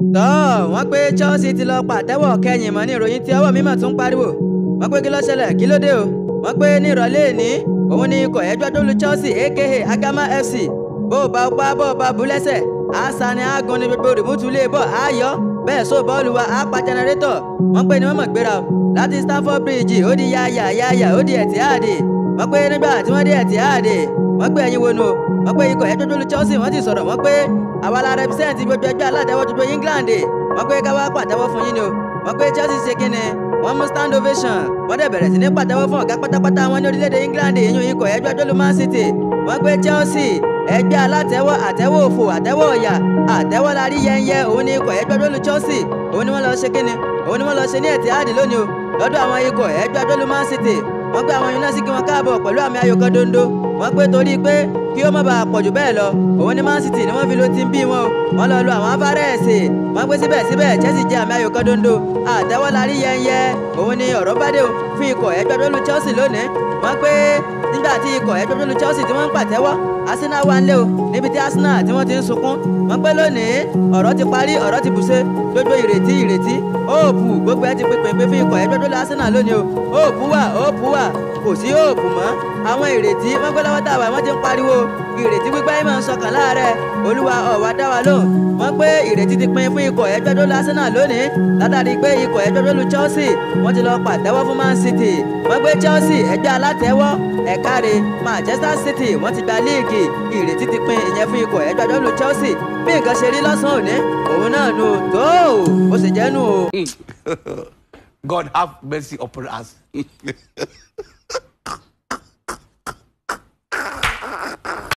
tọ́ wọ́n pé Chelsea ti lọ pàtẹ́wọ̀ kẹ́yìn mọ́ ní ìròyìn tí ọwọ́ mímọ̀ tún pariwo wọ́n pé kí ló ṣẹlẹ̀ kí ló dé o wọ́n pé ní ìrọ̀lẹ́ ìní òun ni ikọ̀ ẹjọ́ tó lu Chelsea aka Agama FC bó o bá o pa bó o bá bu lẹ́sẹ̀ àṣà ni aago ni gbogbo rìmútu lè bọ̀ ayọ̀ bẹ́ẹ̀ so bọ́ọ̀lù wa á pa jẹnẹrétọ̀ wọ́n pé ni wọ́n mọ̀ gbéra láti Stamford Bridge ó di yáyà yáyà ó di Etihad wọ́n pé nígbà tí wọ́n di Etihad wọ́n gbé ẹyin wonu o wọ́n pé ikọ̀ ẹ̀ẹ́dọ́dọ́lù Chelsea wọ́n ti sọ̀rọ̀ wọ́n pé àwa la rẹpísẹ́ǹtì gbogbo ẹgbẹ́ aládàáwọ̀ gbogbo England wọ́n pé káwá pàtẹ́wọ́ fún yín ni o wọ́n pé Chelsea ṣe kíni wọ́n mú stand ovation wọ́n dẹ̀ bẹ̀rẹ̀ sí ní pàtẹ́wọ́ fún ọ̀gá pátápátá wọn ní orílẹ̀-èdè England ìyún ikọ̀ ẹ̀ẹ́dọ́dọ́lù Man City wọ́n pé Chelsea ẹgbẹ́ alátẹ́wọ́ àtẹ́wọ́ òfò àtẹ́wọ́ ọ̀yà àtẹ́wọ́ larí yẹnyẹ òun ni ikọ̀ ẹ̀ẹ́dọ́dọ́lù Chelsea òun ni wọ́n lọ ṣe kíni òun ni wọ́n lọ ṣe ní Etihad lónìí o lọ́dọ̀ àwọn ikọ̀ ẹ̀ẹ́dọ́dọ́lù Man City wọ́n pé àwọn yunifásitì wọn káàbọ̀ pẹ̀lú àmì ayò kan dondo wọ́n pé torí pé kí ó má bàa pọ̀jù bẹ́ẹ̀ lọ òun ní Man City ni wọ́n fi ló ti ń bí wọn o wọ́n lọ lu àwọn afárẹ́ẹ̀sì wọ́n pé síbẹ̀síbẹ̀ Chelsea jẹ́ àmì ayò kan dondo àtẹ́wọ́lárí yẹnyẹ òun ni ọ̀rọ̀ bá dé o fún ikọ̀ ẹgbẹ́ pẹ̀lú Chelsea lónìí wọ́n pé nígbà tí ikọ̀ ẹgbẹ́ pẹ̀lú Chelsea tí wọ́n ń pàtẹ́wọ́ Arsenal wà nílé o níbi tí Arsenal tí wọ́n ti ń sunkún wọ́n pé lónìí ọ̀rọ̀ ti parí ọ̀rọ̀ ti bùṣe gbogbo ìrètí ìrètí óòpù gbogbo ẹ ti pèpè pé fún ikọ̀ ẹgbẹ́ pẹ̀lú Arsenal lónìí o óòpù wà óòpù wà kò sí òòpù mọ́ àwọn ìrètí wọ́n gbé lọ́wọ́ tàwa wọ́n ti ń pariwo ìrètí gbígbá yìí máa ń sọkàn láàárẹ̀ olúwa ọ̀wá dá wa lóhùn wọ́n pé ìrètí ti pin fún ikọ̀ ẹgbẹ́ tó lásán náà lónìí látàrí pé ikọ̀ ẹgbẹ́ tó lu Chelsea wọ́n ti lọ pàtẹ́wọ́ fún Man City wọ́n gbé Chelsea ẹgbẹ́ alátẹ́wọ́ ẹ̀káre Manchester City wọ́n ti gba líìgì ìrètí ti pin ìyẹn fún ikọ̀ ẹgbẹ́ tó lu Chelsea bí nǹkan ṣe rí lọ́sàn-án òní òun náà nù tó ó sì jẹ́ nù o. Hmm. God have mercy upon us.